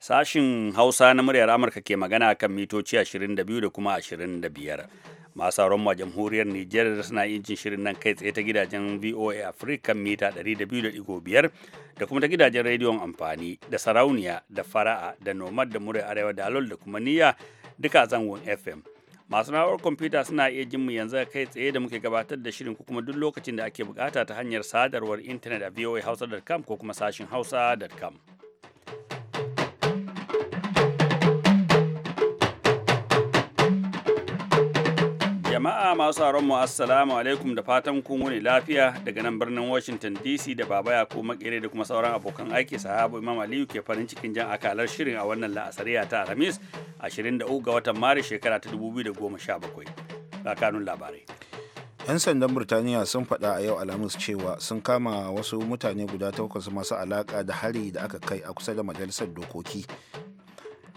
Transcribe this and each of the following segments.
Sashin Hausa na muryar Amurka ke magana kan mitoci 22 da kuma 25. Masu sauran ma jamhuriyar Nijar suna injin shirin nan kai tsaye ta gidajen VOA Africa mita 200.5 da kuma ta gidajen rediyon amfani da sarauniya da fara'a da nomad da muryar arewa da alol da kuma niyya duka zangon FM. masu na'urar kwamfuta suna iya jin mu yanzu kai tsaye da muke gabatar da shirin ko kuma duk lokacin da ake bukata ta hanyar sadarwar intanet a voahausa.com ko kuma sashin hausa.com Jama'a masu mu assalamu alaikum da fatan kun wuni lafiya daga nan birnin Washington DC da baba ya ko makere da kuma sauran abokan aiki sahabu Imam Aliyu ke farin cikin jan akalar shirin a wannan la'asariya ta Alhamis 23 ga watan Maris shekara ta 2017. Rakanun labarai. 'Yan sandan Burtaniya sun faɗa a yau Alhamis cewa sun kama wasu mutane guda takwas masu alaka da hari da aka kai a kusa da majalisar dokoki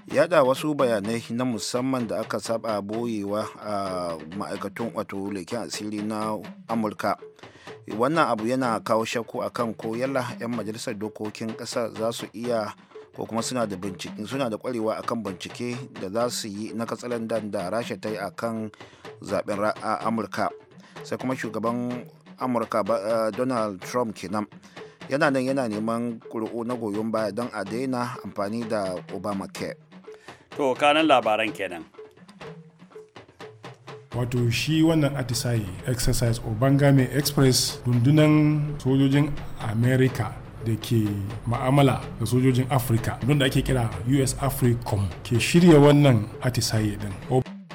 yada wasu bayanai na musamman da aka saba boyewa a ma'aikatun wato leken asiri na amurka wannan abu yana kawo shakku akan ko yalla 'yan majalisar dokokin ƙasa za su iya ko kuma suna da bincike suna da kwarewa akan bincike da za su yi na katsalandan da rasha ta yi akan zaben amurka sai kuma shugaban amurka eh, donald trump kenan yana nan yana neman kuri'u na goyon baya don a daina amfani da obamacare To kanan labaran kenan. wato shi wannan atisaye exercise obangame express rundunan sojojin amerika da ke ma'amala da sojojin afirka don da ake kira us africom ke shirya wannan atisaye din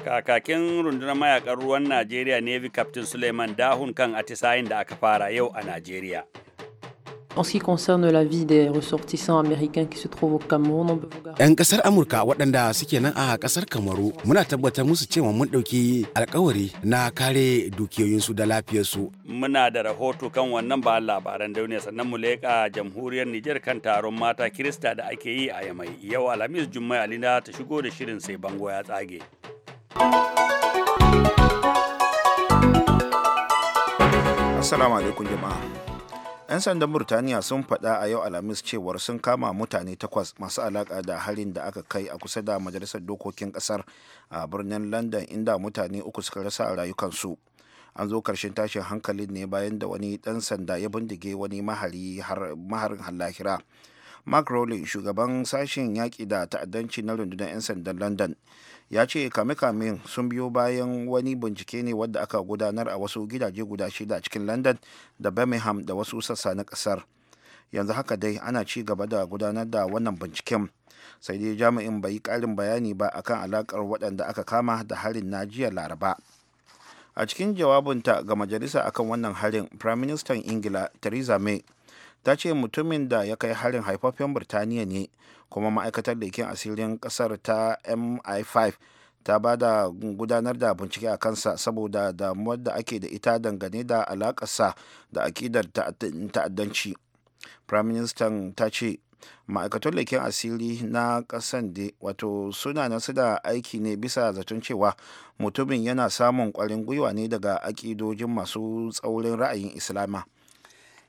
kakakin rundunar mayakan ruwan najeriya navy captain suleiman dahun kan atisayen da aka fara yau a najeriya En ce qui concerne la vie des ressortissants américains qui se trouvent au Cameroun, on peut vous 'Yan kasar Amurka waɗanda suke nan a kasar Kamaru, muna tabbatar musu cewa mun ɗauki alkawari na kare dukiyoyinsu da lafiyarsu. Muna da rahoto kan wannan ba labaran duniya sannan mu leƙa jamhuriyar Nijar kan taron mata Kirista da ake yi a Yamai. Yau Alhamis Jummai Alina ta shigo da shirin sai bango ya tsage. Assalamu alaikum jama'a. 'yan sandan burtaniya sun faɗa a yau alhamis cewar sun kama mutane takwas masu alaƙa da harin da aka kai a kusa da majalisar dokokin ƙasar a birnin london inda mutane uku suka rasa rayukansu an zo karshen tashin hankalin ne bayan da wani ɗan sanda ya bindige wani mahari har lahira mark rowley shugaban sashen yaƙi da ta'addanci na rundunar 'yan sandan london ya ce kame-kamen sun biyo bayan wani bincike ne wadda aka gudanar a wasu gidaje guda shida cikin london da birmingham da wasu sassa na ƙasar yanzu haka dai ana ci gaba da gudanar da wannan binciken sai dai jami'in bai yi ƙarin bayani ba akan alakar waɗanda aka kama da harin na jiya laraba a cikin jawabinta ga majalisa akan wannan harin prime minister ingila theresa may ta ce mutumin da ya kai harin haifafen birtaniya ne kuma ma'aikatar leken asirin kasar ta mi5 ta ba da gudanar da bincike a kansa saboda damuwar da ake da ita dangane da alakarsa da akidar ta'addanci prime minister ta ce ma'aikatar leken asiri na kasan da wato suna nasu da aiki ne bisa zaton cewa mutumin yana samun kwarin gwiwa ne daga akidojin masu tsaurin ra'ayin islama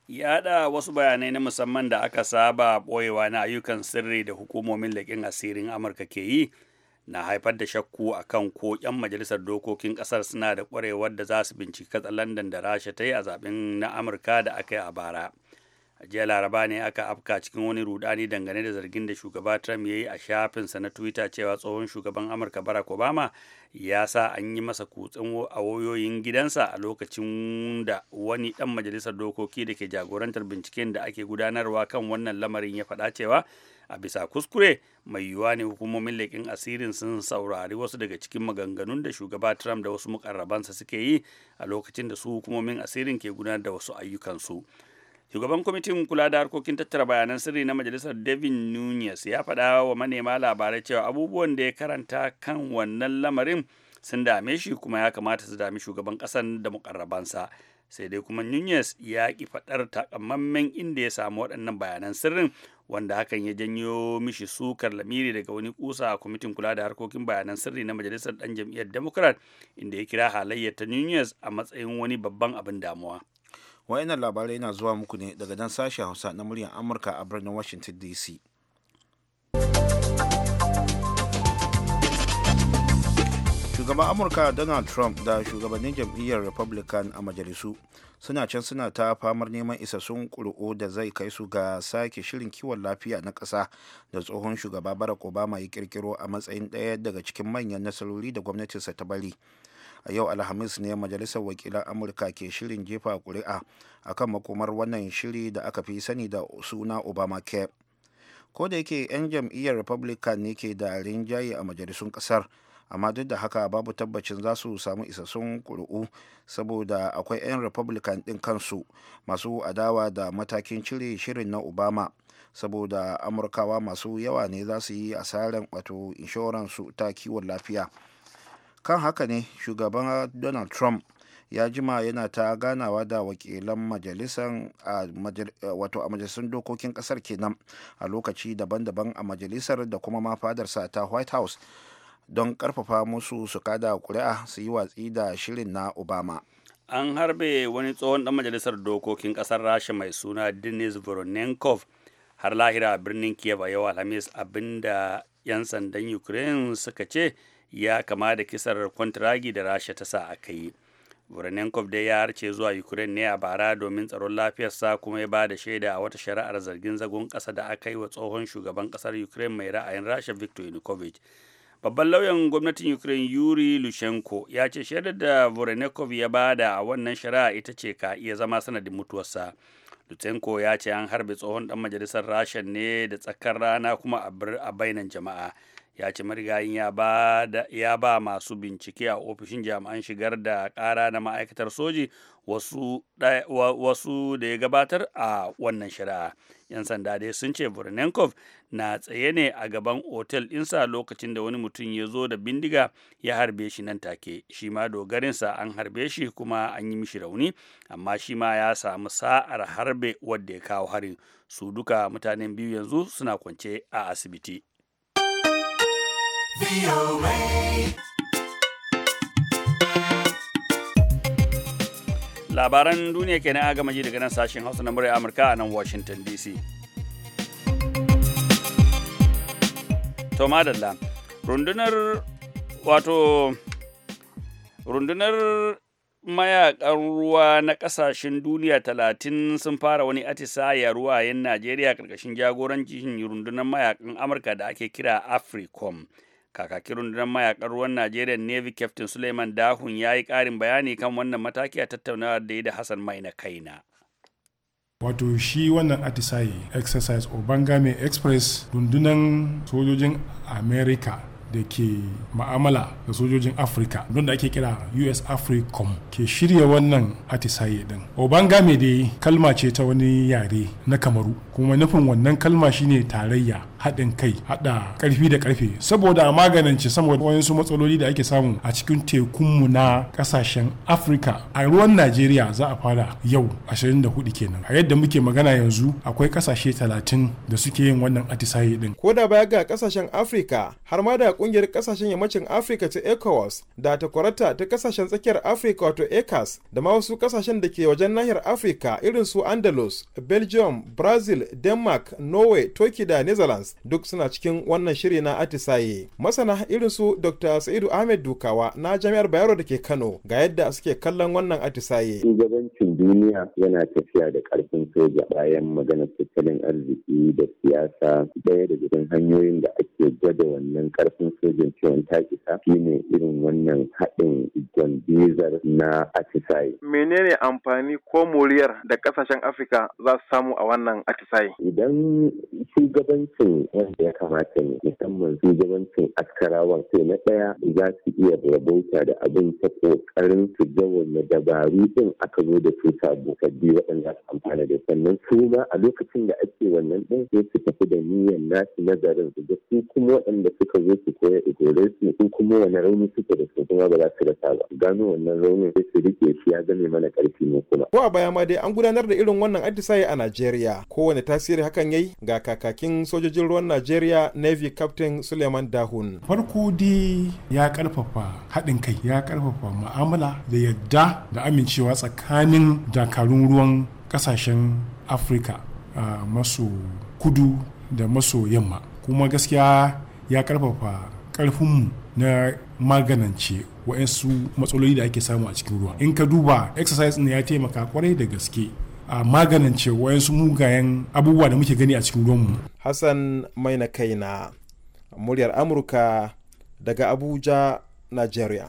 ya da wasu bayanai na musamman da aka saba ɓoyewa na ayyukan sirri da hukumomin leƙin asirin amurka ke yi na haifar da shakku a kan ko 'yan majalisar dokokin ƙasar suna da ƙwarewar da za su binciki katsalandan da rasha ta yi a zaɓen na amurka da aka yi a bara a jiya laraba ne aka afka cikin wani rudani dangane da zargin da shugaba trump ya yi a shafinsa na twitter cewa tsohon shugaban amurka barack obama ya sa an yi masa kutsin a wayoyin gidansa a lokacin da wani dan majalisar dokoki da ke jagorantar binciken da ake gudanarwa kan wannan lamarin ya faɗa cewa a bisa kuskure mai yiwuwa ne hukumomin leƙin asirin sun saurari wasu daga cikin maganganun da shugaba trump da wasu mukarrabansa suke yi a lokacin da su hukumomin asirin ke gudanar da wasu ayyukansu. su shugaban kwamitin kula da harkokin tattara bayanan sirri na majalisar devin nunez ya faɗa wa manema labarai cewa abubuwan da ya karanta kan wannan lamarin sun dame shi kuma ya kamata su dami shugaban ƙasan da mukarrabansa sai dai kuma nunez ya ki faɗar takamammen inda ya samu waɗannan bayanan sirrin wanda hakan ya janyo mishi sukar lamiri daga wani kusa a kwamitin kula da harkokin bayanan sirri na majalisar ɗan jam'iyyar democrat inda ya kira halayyar ta nunez a matsayin wani babban abin damuwa wayannan labarai na zuwa muku ne daga dan sashen hausa na muryar amurka a birnin washington dc shugaban amurka donald trump da shugabannin jam'iyyar republican a majalisu suna can suna ta famar neman isassun ƙuri'u da zai kai su ga sake shirin kiwon lafiya na ƙasa da tsohon shugaba barack obama ya kirkiro a matsayin ɗaya daga cikin manyan nasarori da gwamnatinsa ta bari a yau alhamis ne majalisar wakilan amurka ke shirin jefa kuri'a akan makomar wannan shiri da aka fi sani da suna obamacare ko da yake 'yan jam'iyyar republican ne ke da rinjaye a majalisun kasar amma duk da haka babu tabbacin za su samu isassun kuri'u saboda akwai 'yan republican ɗin kansu masu adawa da matakin cire shirin na obama saboda amurkawa masu yawa ne za su yi asarar wato inshoransu ta kiwon lafiya kan haka ne shugaban donald trump ya jima yana ta ganawa da wakilan majalisan eh, wato a majalisun dokokin kasar kenan a lokaci daban-daban a majalisar da kuma ma fadarsa ta white house don karfafa musu su kada kuri'a su yi watsi da shirin na obama an harbe wani tsohon dan majalisar dokokin kasar rasha mai suna denis voronenkov har lahira birnin kiev a yau alhamis abinda 'yan sandan ukraine suka ce ya kama da kisar kwantiragi da rasha ta sa aka yi Voronenkov dai ya harce zuwa Ukraine ne a bara domin tsaron lafiyarsa kuma ya ba da shaida a wata shari'ar zargin zagon ƙasa da aka yi wa tsohon shugaban ƙasar Ukraine mai ra'ayin Rasha Viktor Yanukovych. Babban lauyan gwamnatin Ukraine Yuri Lushenko ya ce shaidar da Voronenkov ya ba da a wannan shari'a ita ce ka iya zama sanadin mutuwarsa. Lutsenko ya ce an harbe tsohon ɗan majalisar Rasha ne da tsakar rana kuma a bainan jama'a. ya ci marigayin ya ba masu bincike a ofishin jami'an shigar da kara na ma'aikatar soji wasu da ya gabatar a wannan shari'a yan sanda dai sun ce voronenkov na tsaye ne a gaban otel ɗinsa lokacin da wani mutum ya zo da bindiga ya harbe shi nan take shi ma dogarinsa an harbe shi kuma an yi mishi rauni amma shi ma ya samu sa'ar harbe wadda ya kawo harin su duka mutanen biyu yanzu suna kwance a asibiti Labaran duniya kenan a gamaji daga nan sashen Hausa na murya Amurka a nan Washington DC. Toma Dalla, rundunar wato rundunar mayakan ruwa na kasashen duniya talatin sun fara wani atisaya ruwayen Najeriya karkashin jagorancin rundunar mayakan Amurka da ake kira AFRICOM. kakakin rundunar mayakan ruwan najeriya navy captain suleiman dahun ya yi karin bayani kan wannan mataki a tattaunawa da ya da hassan mai na kaina wato shi wannan atisaye exercise obangame express rundunar sojojin america da ke ma'amala da sojojin afirka don da ake kira us africom ke shirya wannan atisaye din obangame dai kalma ce ta wani yare na kamaru kuma nufin wannan kalma shine tarayya haɗin kai haɗa ƙarfi da ƙarfe saboda a maganance saboda wayansu matsaloli da ake samu a cikin tekunmu na ƙasashen afirka a ruwan najeriya za a fara yau 24 kenan a yadda muke magana yanzu akwai ƙasashe 30 da suke yin wannan atisaye din ko da baya ga ƙasashen afirka har ma da ƙungiyar ƙasashen yammacin afirka ta ecowas da ta kwarata ta ƙasashen tsakiyar afirka wato ecas da ma wasu ƙasashen da ke wajen nahiyar afirka irin su andalus belgium brazil Denmark, Norway, Turkey da Netherlands duk suna cikin wannan shiri na atisaye. Masana irin su Dr. Sa'idu Ahmed Dukawa na Jami'ar Bayero da ke Kano ga yadda suke kallon wannan atisaye. Shugabancin duniya yana tafiya da karfin soja bayan maganar tattalin arziki da siyasa Daya da cikin hanyoyin da ake gwada wannan karfin sojan ciwon takisa shine irin wannan haɗin gwandizar na atisaye. Menene amfani ko moriyar da ƙasashen Afirka za su samu a wannan atisaye? sosai. Idan shugabancin wanda ya kamata ne musamman shugabancin askarawan sai na ɗaya za su iya rabauta da abin ta ƙoƙarin su jawanna dabaru ɗin aka zo da su sabu sabbi waɗanda su amfana da sannan su ma a lokacin da ake wannan ɗin sai su tafi da niyyar nasu nazarin su da su kuma waɗanda suka zo su koya igore su su kuma wani rauni suke da su kuma ba za su rasa ba gano wannan raunin sai su rike shi ya zame mana ƙarfi ne kuma. Ko a baya ma dai an gudanar da irin wannan atisaye a Najeriya kowane tasiri hakan yayi ga kakakin sojojin ruwan najeriya navy captain suleiman dahun farko dai ya karfafa haɗin kai ya karfafa mu'amala da yadda da amincewa tsakanin dakarun ruwan ƙasashen afirka uh, maso kudu da maso yamma kuma gaskiya ya karfafa ƙarfinmu na maganance waɗansu matsaloli da ake samu a cikin ruwa in ka duba exercise ne ya taimaka kwarai da gaske a maganance wayansu mugayen abubuwa da muke gani a cikin ruwanmu. Hassan mai na kaina muryar Amurka daga Abuja, Nigeria.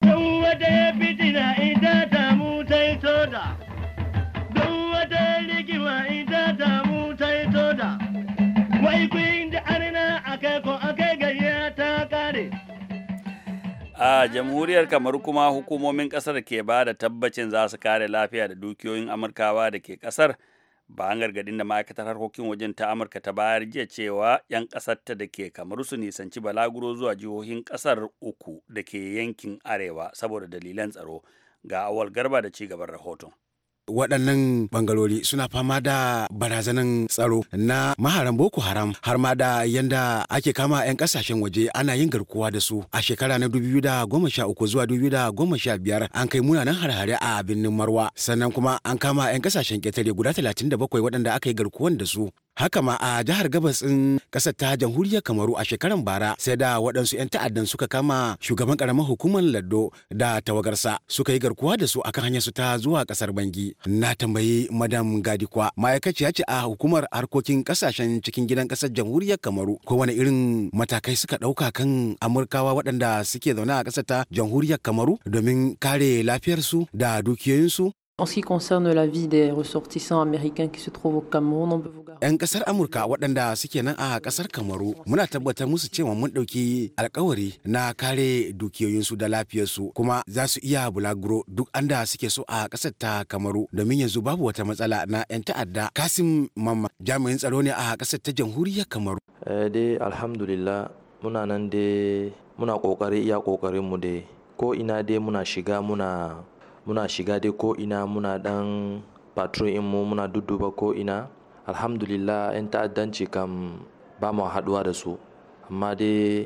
a jamhuriyar kamar kuma hukumomin kasar ke ba da tabbacin za su kare lafiya da dukiyoyin amurkawa da ke kasar ba an gargadin da ma'aikatar harkokin wajen ta amurka ta bayar jiya cewa 'yan kasar ta da ke kamar su nisanci balaguro zuwa jihohin kasar uku da ke yankin arewa saboda dalilan tsaro ga awal garba da ci gaban rahoton waɗannan bangarori suna fama da barazanan tsaro na maharan boko haram har ma da yanda ake kama 'yan kasashen waje ana yin garkuwa da su a shekara na 2013 zuwa 2015 an kai munanan harhare a birnin marwa sannan kuma an kama 'yan kasashen ƙetare guda 37 waɗanda aka yi garkuwan da su haka ma a jihar gabas ɗin ƙasar ta jamhuriyar kamaru a shekaran bara sai da waɗansu 'yan ta'addan suka kama shugaban ƙaramin hukumar laddo da tawagarsa suka yi garkuwa da su akan hanyar su ta zuwa ƙasar bangi na tambayi madam gadikwa ma'aikaciya ce a hukumar harkokin ƙasashen cikin gidan ƙasar jamhuriyar kamaru ko wani irin matakai suka ɗauka kan amurkawa waɗanda suke zaune a ƙasar ta jamhuriyar kamaru domin kare lafiyarsu da dukiyoyinsu En ce qui concerne la vie des ressortissants américains qui se trouvent au Cameroun, on peut vous garantir. 'Yan kasar Amurka waɗanda suke nan a kasar Kamaru muna tabbatar musu cewa mun ɗauki alkawari na kare dukiyoyinsu da lafiyarsu kuma zasu su iya bulaguro duk anda suke so a kasar ta Kamaru domin yanzu babu wata matsala na 'yan ta'adda. Kasim mama jami'in tsaro ne a kasar ta Kamaru. Eh de alhamdulillah muna nan muna kokari iya kokarin mu ko ina dai muna shiga muna muna shiga dai ko ina muna dan patrol mu muna dudduba ko ina alhamdulillah 'yan ta'addanci kan ba mu haduwa da su amma dai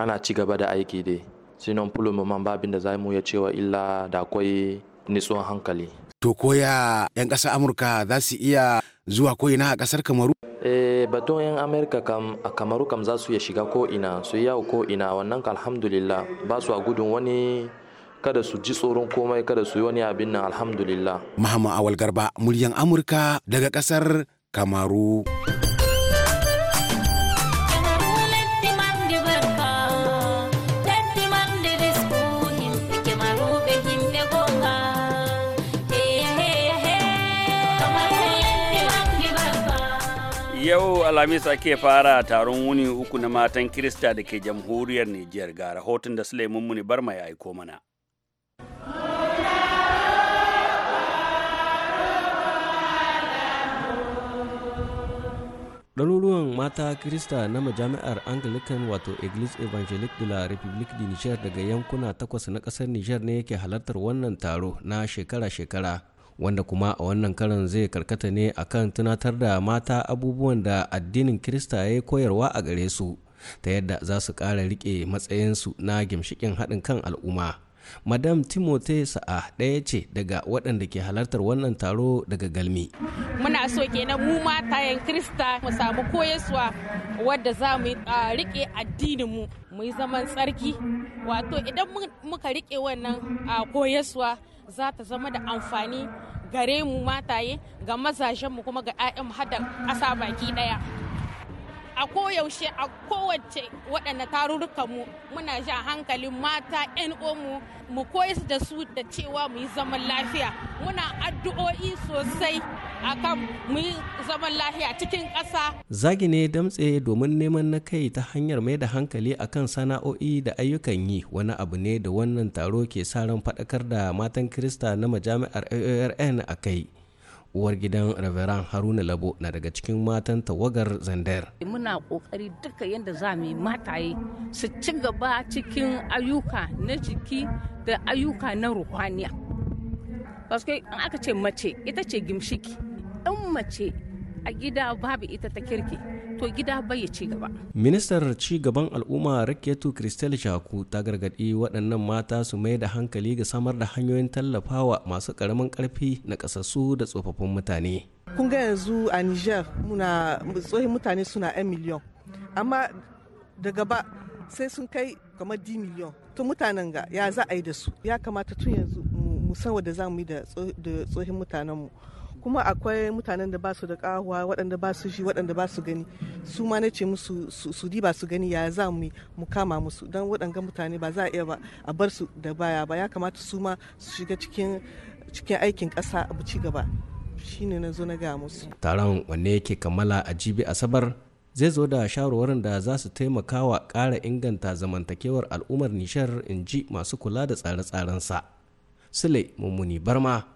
ana ci gaba da aiki dai sinon fulon man babin da za mu ya cewa illa da akwai nitsuwan hankali to koya 'yan ƙasar amurka za su iya zuwa ko ina a ƙasar kamaru eh batun 'yan amurka kam a kamaru kam za su iya shiga ko ina su yawo ko ina wannan alhamdulillah ba su a gudun wani kada su ji tsoron komai kada su yi wani abin nan alhamdulillah mahama awal garba muryan amurka daga kasar kamaru Yau Alhamis ake fara taron wuni uku na matan Kirista da ke jamhuriyar Nijiyar ga rahoton da Suleiman Muni Barma ya aiko mana. ɗaruruwan mata Kirista na majami'ar Anglican wato Eglise Evangelique de la République de Niger daga yankuna takwas na ƙasar Niger ne yake halartar wannan taro na shekara-shekara wanda kuma a wannan karan zai karkata ne a kan tunatar da mata abubuwan da addinin Kirista ya yi koyarwa a gare su ta yadda za su ƙara riƙe matsayinsu na gimshikin haɗin kan al'umma. madam timote sa'a ɗaya ce daga waɗanda ke halartar wannan taro daga galmi muna so kenan mu matayen krista mu samu koyaswa wadda za mu ah, riƙe addinin mu mu yi zaman tsarki wato idan muka riƙe wannan ah, koyaswa za ta zama da amfani gare mu mataye ga mazajen mu kuma ga 'ya'yan mu hada ƙasa baki ɗaya a koyaushe a kowace waɗanda tarurrukan mu muna ja hankalin mata 'yan mu mu koyar da su da cewa mu yi zaman lafiya muna addu'o'i sosai akan mu yi zaman lafiya cikin ƙasa zagi ne damtse domin neman na kai ta hanyar mai da hankali akan sana'o'i da ayyukan yi wani abu ne da wannan taro ke sa ran faɗakar da matan kirista na majami'ar aorn a kai uwar gidan reverend haruna labo na daga cikin matan tawagar zandar muna kokari duka yadda za mu yi mataye su ci gaba cikin ayyuka na jiki da ayyuka na ruhaniya Basu in aka ce mace ita ce gimshiki ɗan mace a gida babu ita ta kirki to gida bai ya ci gaba. Ministar ci gaban al'umma Raketu Christel Shaku ta gargaɗi waɗannan mata su mai da hankali ga samar da hanyoyin tallafawa masu ƙaramin ƙarfi na ƙasassu da tsofaffin mutane. Kun ga yanzu a Niger muna tsohin mutane suna 'yan miliyon amma da gaba sai sun kai kamar d miliyon to mutanen ga ya za a yi da su ya kamata tun yanzu mu san da za mu yi da tsohin mutanenmu. kuma akwai mutanen da ba su da kahuwa waɗanda ba su shi waɗanda ba su gani su ma na ce musu su diba su gani ya za mu kama musu don waɗanga mutane ba za a iya ba a bar su da baya ba ya kamata su ma su shiga cikin aikin ƙasa abu ci gaba shine na zo na ga musu taron wanne yake kammala a jibi asabar zai zo da shawarwarin da za su taimaka wa ƙara inganta zamantakewar al'ummar nishar in ji masu kula da tsare-tsarensa sule mummuni barma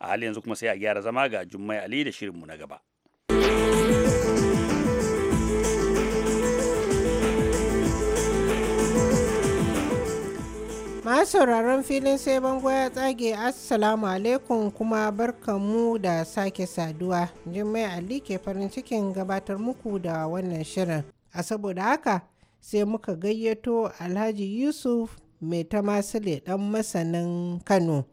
a hali yanzu kuma sai a gyara zama ga jummai ali da shirinmu na gaba sauraron filin sai bango ya tsage assalamu alaikum kuma barkanmu da sake saduwa jummai ali ke farin cikin gabatar muku da wannan shirin a saboda haka sai muka gayyato alhaji yusuf mai ta masu dan masanin kano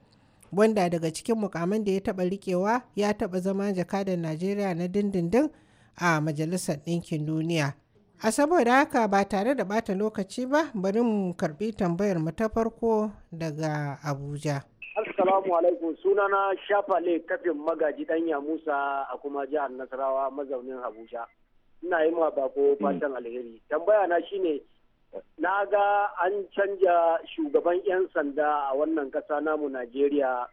wanda daga cikin mukamin da ya taɓa rikewa ya taɓa zama jakadan najeriya na dindindin a majalisar ɗinkin duniya a saboda haka ba tare da bata lokaci ba bari mu karbi tambayar mu ta farko daga abuja assalamu alaikum sunana shafale kafin magaji danya musa a kuma jihar nasarawa mazaunin abuja ina yi ma bako hmm. fatan alheri tambaya na shine na ga an canja shugaban 'yan sanda a wannan ƙasa namu najeriya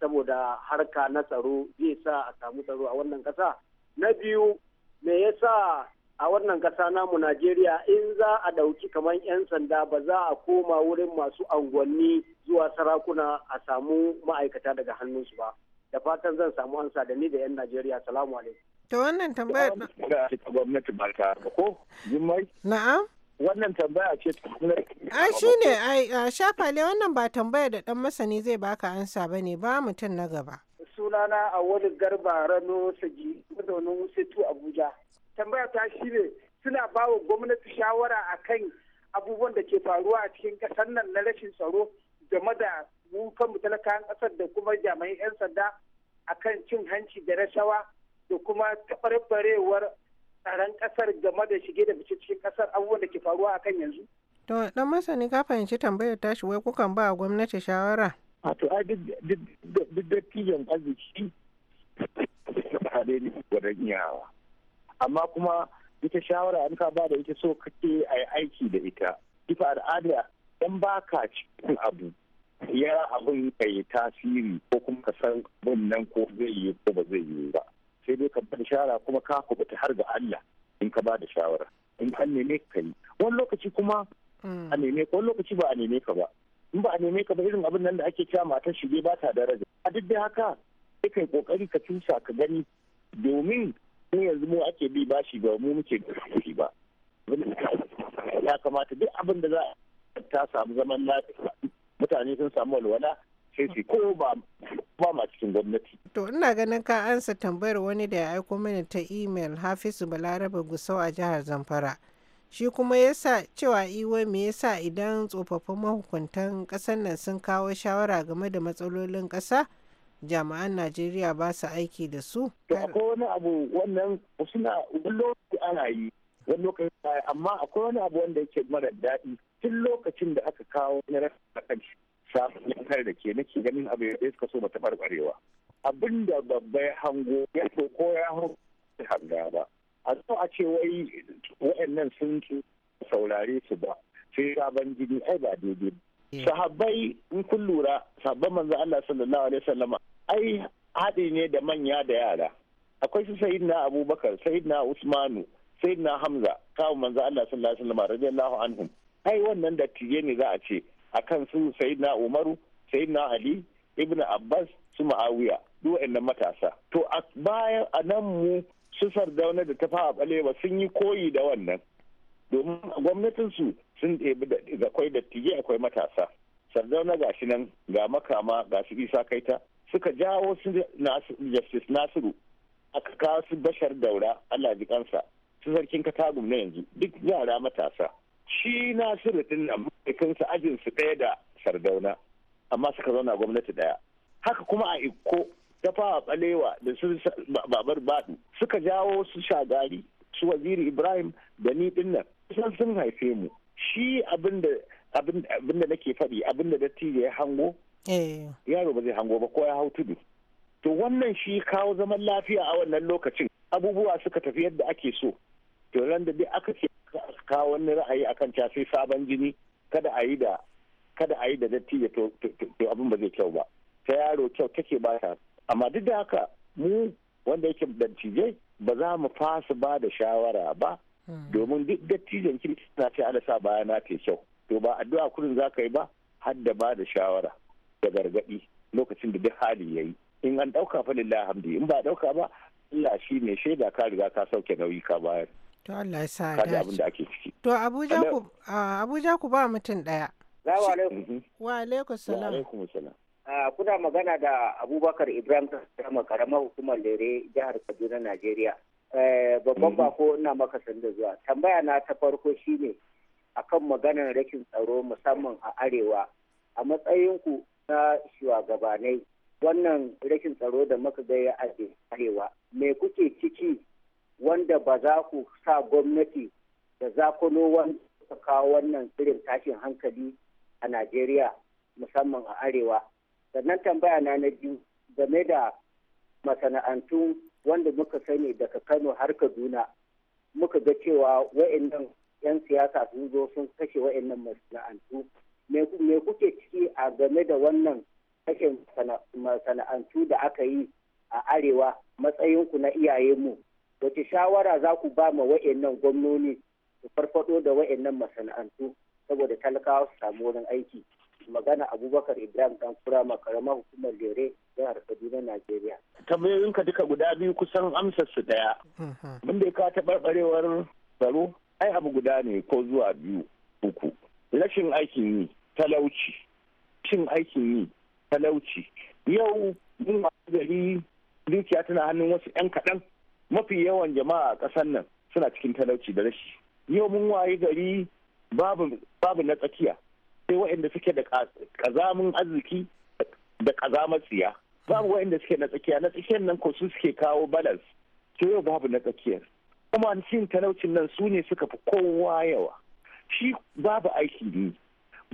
saboda harka na tsaro zai sa a samu tsaro a wannan ƙasa na biyu me yasa a wannan ƙasa namu najeriya in za a ɗauki kamar 'yan sanda ba za a koma wurin masu angwanni zuwa sarakuna a samu ma'aikata daga hannunsu ba da fatan zan samu ansa da ni da 'yan najeriya salamu alaikum ta wannan tambayar gwamnati ba ta ko na'am wannan tambaya ce ta a shi ne a shafa shafale wannan ba tambaya da dan masani zai baka ansa ba ne ba mutum na gaba sunana a wani garba rano saji mazaunin wusetu abuja tambaya ta shi ne suna ba wa gwamnati shawara a kan abubuwan da ke faruwa a cikin kasar nan na rashin tsaro game da mu kanmu talakawan ƙasar da kuma jami'an 'yan sanda akan cin hanci da rashawa da kuma taɓarɓarewar tsaron kasar game da shige da fice cikin kasar abubuwan da ke faruwa akan yanzu? To dan masani ka fahimci tambayar ta shi wai kukan ba gwamnati shawara. A to ai duk dattijan arziki hade ne gwadon yawa. Amma kuma ita shawara an ka ba da ita so kake a yi aiki da ita. Ifa al'ada dan ba ka cikin abu ya abin ka yi tasiri ko kuma ka san abin nan ko zai yi ko ba zai yi ba. sai dai ka bada shawara kuma ka kubuta har ga Allah in ka bada shawara in an neme ka yi wani lokaci kuma a mm. neme ka wani lokaci ba a neme ka ba in ba a neme ka ba irin abin nan da ake cewa matar shige ba ta daraja a duk da haka sai kai kokari ka tusa ka gani domin ne yanzu mu ake bi bashi ba mu muke da ba ya kamata duk abin da za ta samu zaman lafiya mutane sun samu walwala sai su ko ba ba ma cikin gwamnati. To ina ganin ka ansa tambayar wani da ya aiko mana ta imel Hafizu Balarabe Gusau a jihar Zamfara. Shi kuma yasa cewa eh, iwe me yasa idan tsofaffin mahukuntan ƙasar nan sun kawo shawara game da matsalolin kasa jami'an Najeriya ba su aiki da su. To akwai wani abu wannan suna wani lokaci ana yi wani lokaci amma akwai wani abu wanda yake mara daɗi tun lokacin da aka kawo na rasa sabon yankar da ke nake ganin abu ya suka so bata barbarewa abin da babba ya hango ya so ko ya hanga ba a zo a ce wai wa'annan sun saurare su ba sai sabon jini ai ba daidai sahabbai in kun lura sabon manzo Allah sallallahu alaihi wasallama ai haɗi ne da manya da yara akwai su sayyidina abubakar sayyidina usmanu sayyidina hamza kawo manzo Allah sallallahu alaihi wasallama radiyallahu anhum ai wannan da tije ne za a ce akan su sayyidina umaru sayyidina ali ibn abbas su ma'awiya duk waɗannan matasa to a bayan a nan mu su sardauna da fara balewa sun yi koyi da wannan domin gwamnatinsu sun ɗebi da akwai dattijai akwai matasa sardauna ga shi nan ga makama ga su isa kaita suka jawo su justice nasiru aka kawo su bashar daura allah jikansa. su sarkin katagum na yanzu duk yara matasa shi nasiru din nan su ajin su ɗaya da sardauna amma suka zauna gwamnati ɗaya haka kuma a iko ta fawa balewa da su babar baɗu suka jawo su shagari su waziri ibrahim da ni din nan kusan sun haife mu shi abin da nake faɗi abin da dattijo ya hango eh. yaro ba zai hango ba ko ya hau tudu to wannan shi kawo zaman lafiya a wannan lokacin abubuwa suka tafi yadda ake so to ran da dai aka ce kawo wani ra'ayi akan cewa sai sabon jini kada a yi da kada a yi da datti to abin ba zai kyau ba ta yaro kyau take ba ta amma duk da haka mu wanda yake dattijai ba za mu fasa ba da shawara ba hmm. domin duk dattijan kirki na ce ala sa baya na ta kyau to ba addu'a kurin za ka yi ba har da ba da shawara da gargaɗi lokacin da duk hali ya yi in an ɗauka fa lillahi hamdi in ba ɗauka ba Allah shi ne shaida ka riga ka sauke nauyi ka bayar To Allah ya sa da. abin To Abuja ku Abuja ku ba mutum daya. Salamu alaikum. Wa alaikum salam. Wa alaikum salam. kuna magana da Abubakar Ibrahim Kasama karamar hukumar Lere jihar Kaduna Najeriya. Eh, babban mm-hmm. bako ina maka sanda zuwa. Tambaya na ta farko shine akan maganar rashin tsaro musamman a arewa a matsayinku na shugabanai wannan rashin tsaro da muka ga ya arewa me kuke ciki wanda ba za ku sa gwamnati da zakono wanda kawo wannan irin tashin hankali a Najeriya musamman a Arewa. Sannan tambaya na na biyu game da masana'antu wanda muka sani daga Kano har Kaduna muka ga cewa wa'annan 'yan siyasa sun zo sun kashe wa'annan masana'antu. Me kuke ciki a game da wannan kashe masana'antu da aka yi a Arewa matsayinku na iyayenmu wace shawara za ku ba ma wa'annan gwamnoni su farfado da wa'annan masana'antu saboda talakawa su samu wurin aiki magana abubakar ibrahim dan ma karamar hukumar lere jihar kaduna najeriya tambayoyinka duka guda biyu kusan amsar su daya mun mhm. da ka taɓarɓarewar tsaro ai abu guda ne ko zuwa biyu uku rashin aikin yi talauci cin aikin yi talauci yau mun ma gari dukiya tana hannun wasu 'yan kaɗan mafi yawan jama'a a ƙasar nan suna cikin talauci da rashi yau mun waye gari babu na tsakiya sai waɗanda suke da ƙazamin arziki da ƙazamar tsiya babu waɗanda suke na tsakiya na tsakiyar nan ko su suke kawo balas. sai yau babu na tsakiyar kuma cin talaucin nan su ne suka fi kowa yawa shi babu aiki ne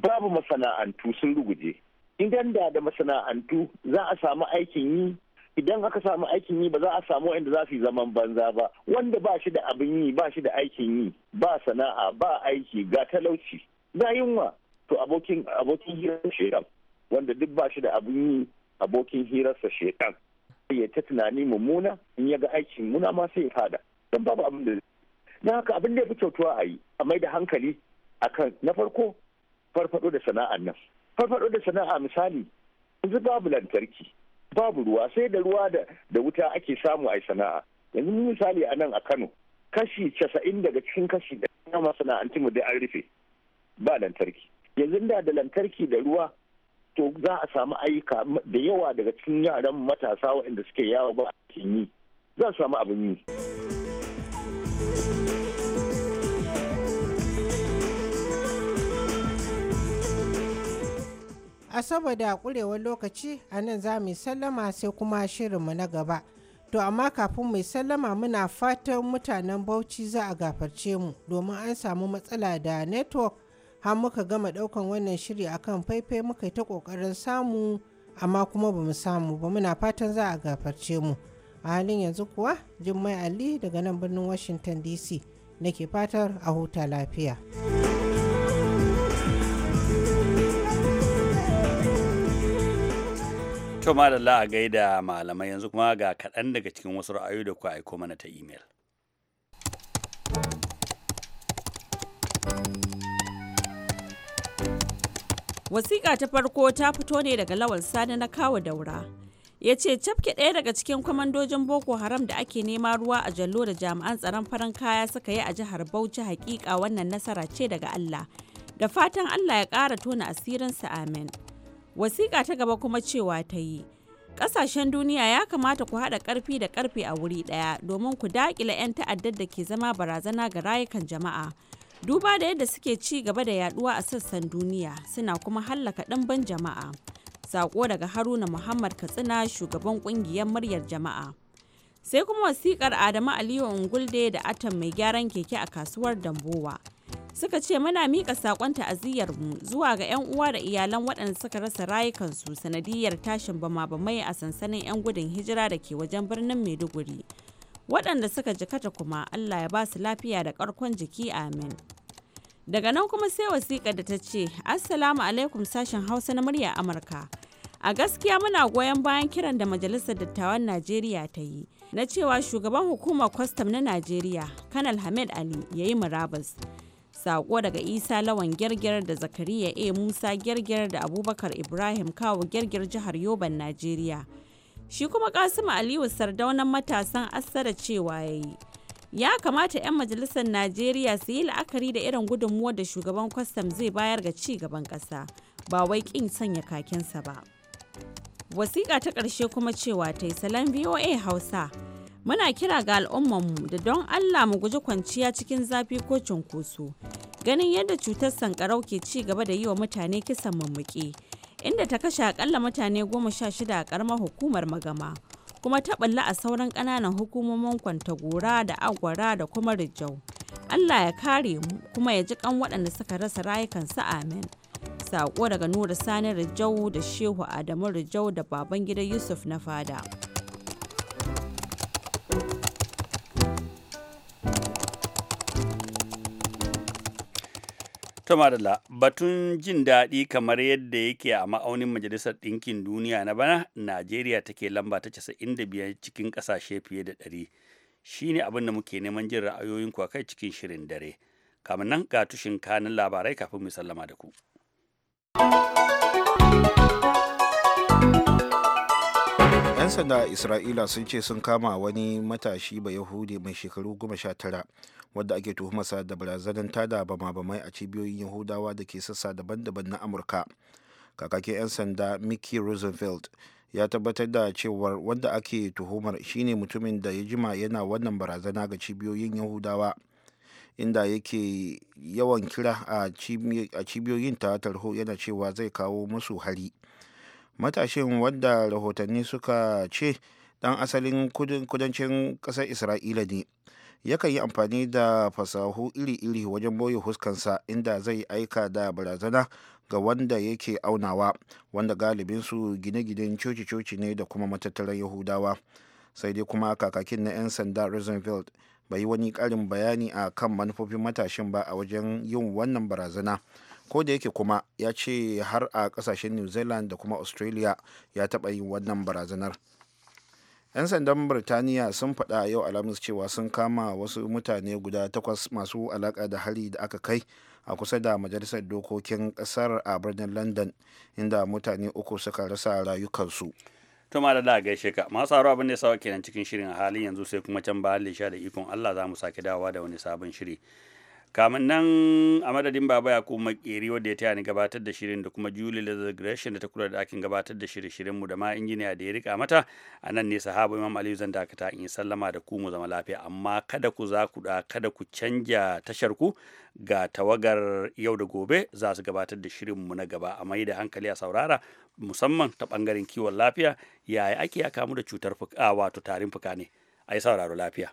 babu masana'antu sun ruguje idan da da masana'antu za a samu aikin yi idan aka samu aikin yi ba za a samu wanda za su yi zaman banza ba wanda ba shi da abin yi ba shi da aikin yi ba sana'a ba aiki ga talauci na yunwa to abokin abokin hirar shekan wanda duk ba shi da abin yi abokin hirarsa shekan ya ta tunani mummuna in ya ga aikin muna ma sai ya fada don babu abin da na haka abin da ya fi kyautuwa a yi a mai da hankali akan na farko farfado da sana'an nan farfado da sana'a misali yanzu babu lantarki babu ruwa sai da ruwa da wuta ake samu a sana'a yanzu misali a nan a kano kashi casa'in daga cikin kashi da na masana'antu da an rufe ba lantarki yanzu da da lantarki da ruwa to za a samu ayyuka da yawa daga cikin yaran matasa waɗanda suke yawo ba a yi za su samu abin yi. a saboda kurewar lokaci a nan za mu sallama sai kuma shirinmu na gaba to amma kafin mu sallama muna fatan mutanen bauchi za a gafarce mu domin an samu matsala da network har muka gama daukan wannan shiri akan faifai muka yi ta kokarin samu amma kuma ba mu samu ba muna fatan za a gafarce mu a halin yanzu kuwa jummai ali daga nan birnin washington dc nake fatar a huta lafiya. To madalla a gaida malamai yanzu kuma ga kaɗan daga cikin wasu ra'ayoyi da ku aiko mana ta imel. Wasiƙa ta farko ta fito ne daga Lawal Sani na kawo daura. Ya ce cafke ɗaya daga cikin kwamandojin Boko Haram da ake nema ruwa a jallo da jami'an tsaron farin kaya suka yi a jihar Bauchi hakika wannan nasara ce daga Allah. Da fatan Allah ya ƙara tona asirinsa amin. Wasiƙa ta gaba kuma cewa ta yi. Ƙasashen duniya ya kamata ku haɗa ƙarfi da ƙarfe a wuri ɗaya domin ku daƙile 'yan ta'addar da ke zama barazana ga rayukan jama'a. Duba da yadda suke ci gaba da yaduwa a sassan duniya suna kuma hallaka ɗimbin jama'a. Saƙo daga Haruna Muhammad Katsina shugaban ƙungiyar muryar jama'a. Sai kuma wasiƙar Adamu Aliyu Ungulde da Atam mai gyaran keke a kasuwar Dambowa. suka ce muna mika miƙa saƙon mu zuwa ga 'yan uwa da iyalan waɗanda suka rasa rayukansu sanadiyar tashin bama-bamai a sansanin 'yan gudun hijira da ke wajen birnin Maiduguri. Waɗanda suka jikata kuma Allah ya ba su lafiya da ƙarkon jiki amin. Daga nan kuma sai wasiƙa da ta ce, Assalamu alaikum sashen Hausa na murya Amurka. A gaskiya muna goyon bayan kiran da Majalisar Dattawan Najeriya ta yi. na cewa shugaban hukumar kwastam na najeriya kanal hamed ali ya yi murabus Sako daga Isa Lawan girgir da Zakariya A. Musa Gerger da Abubakar Ibrahim Kawo girgir jihar Yoban, Najeriya. Shi kuma kasuma Aliyu Sardaunan matasan Assara cewa ya yi. Ya kamata 'yan majalisar Najeriya su yi la'akari da irin gudunmuwar da shugaban kwastam zai bayar ga ci gaban ƙasa, ba wai ƙin sanya kakinsa ba. Wasiƙa ta ƙarshe kuma cewa ta yi salon VOA Hausa. Muna kira ga al'ummanmu da don Allah mu guji kwanciya cikin zafi ko cunkoso. Ganin yadda cutar sankarau ke ci gaba da yi wa mutane kisan mammuke, inda ta kashe akalla mutane goma sha shida a karamar hukumar magama, kuma ta balla a sauran ƙananan hukumomin kwantagora da agwara da kuma rijau. Allah ya kare mu kuma ya ji kan waɗanda suka rasa rayukansu amin. Sako daga Nura Sani Rijau da Shehu Adamu Rijau da Babangida Yusuf na fada. Tumarila, batun jin daɗi kamar yadda yake a ma'aunin Majalisar Ɗinkin Duniya na bana, Najeriya take lamba ta biyar cikin ƙasashe fiye da ɗari. Shi ne abin da muke neman jin ra'ayoyin ku kai cikin shirin dare. Kamin nan ga tushen kanin labarai kafin mu sallama da ku. ‘Yan sanda Isra'ila sun ce sun kama wani matashi ba Yahudi mai shekaru goma sha tara. wadda ake tuhumarsa da barazanar tada bama-bamai a cibiyoyin yahudawa da ke sassa daban-daban na amurka kakakin 'yan sanda mickey rosenfeld ya tabbatar da cewar wanda ake tuhumar shine mutumin da ya jima yana wannan barazana ga cibiyoyin yahudawa inda yake yawan kira a cibiyoyin ta tarho yana cewa zai kawo musu hari matashin wadda rahotanni suka ce dan asalin kudancin kasar isra'ila ne yakan yi amfani da fasahu iri-iri wajen boye huskansa inda zai aika da barazana ga wanda yake aunawa wanda galibin su gine-ginen coci-coci ne da kuma matattarar yahudawa sai dai kuma kakakin na 'yan sanda rosenfeld bai yi wani karin bayani a kan manufofin matashin ba a wajen yin wannan barazana ko da yake kuma ya ce har a kasashen new zealand da kuma australia ya taɓa yin wannan barazanar 'yan sandan birtaniya sun faɗa yau alhamis cewa sun kama wasu mutane guda takwas masu alaka da hari da aka kai a kusa da majalisar dokokin ƙasar a birnin london inda mutane uku suka rasa rayukansu to ma da gaishe ka masu haro abin da ya sawa kenan cikin shirin a halin yanzu sai kuma can ba da ikon allah za mu sake dawowa da wani sabon shiri kamun nan a madadin baba ya kuma makeri wadda ya taya ni gabatar da shirin da kuma julie lazar da ta kula da akin gabatar da shirin mu da ma injiniya da ya rika mata a nan ne sahaba imam aliyu zan dakata in sallama da ku mu zama lafiya amma kada ku za ku da kada ku canja tashar ku ga tawagar yau da gobe za su gabatar da shirin mu na gaba a mai da hankali a saurara musamman ta bangaren kiwon lafiya yaya ake ya kamu da cutar fuka wato tarin fuka ne a yi sauraro lafiya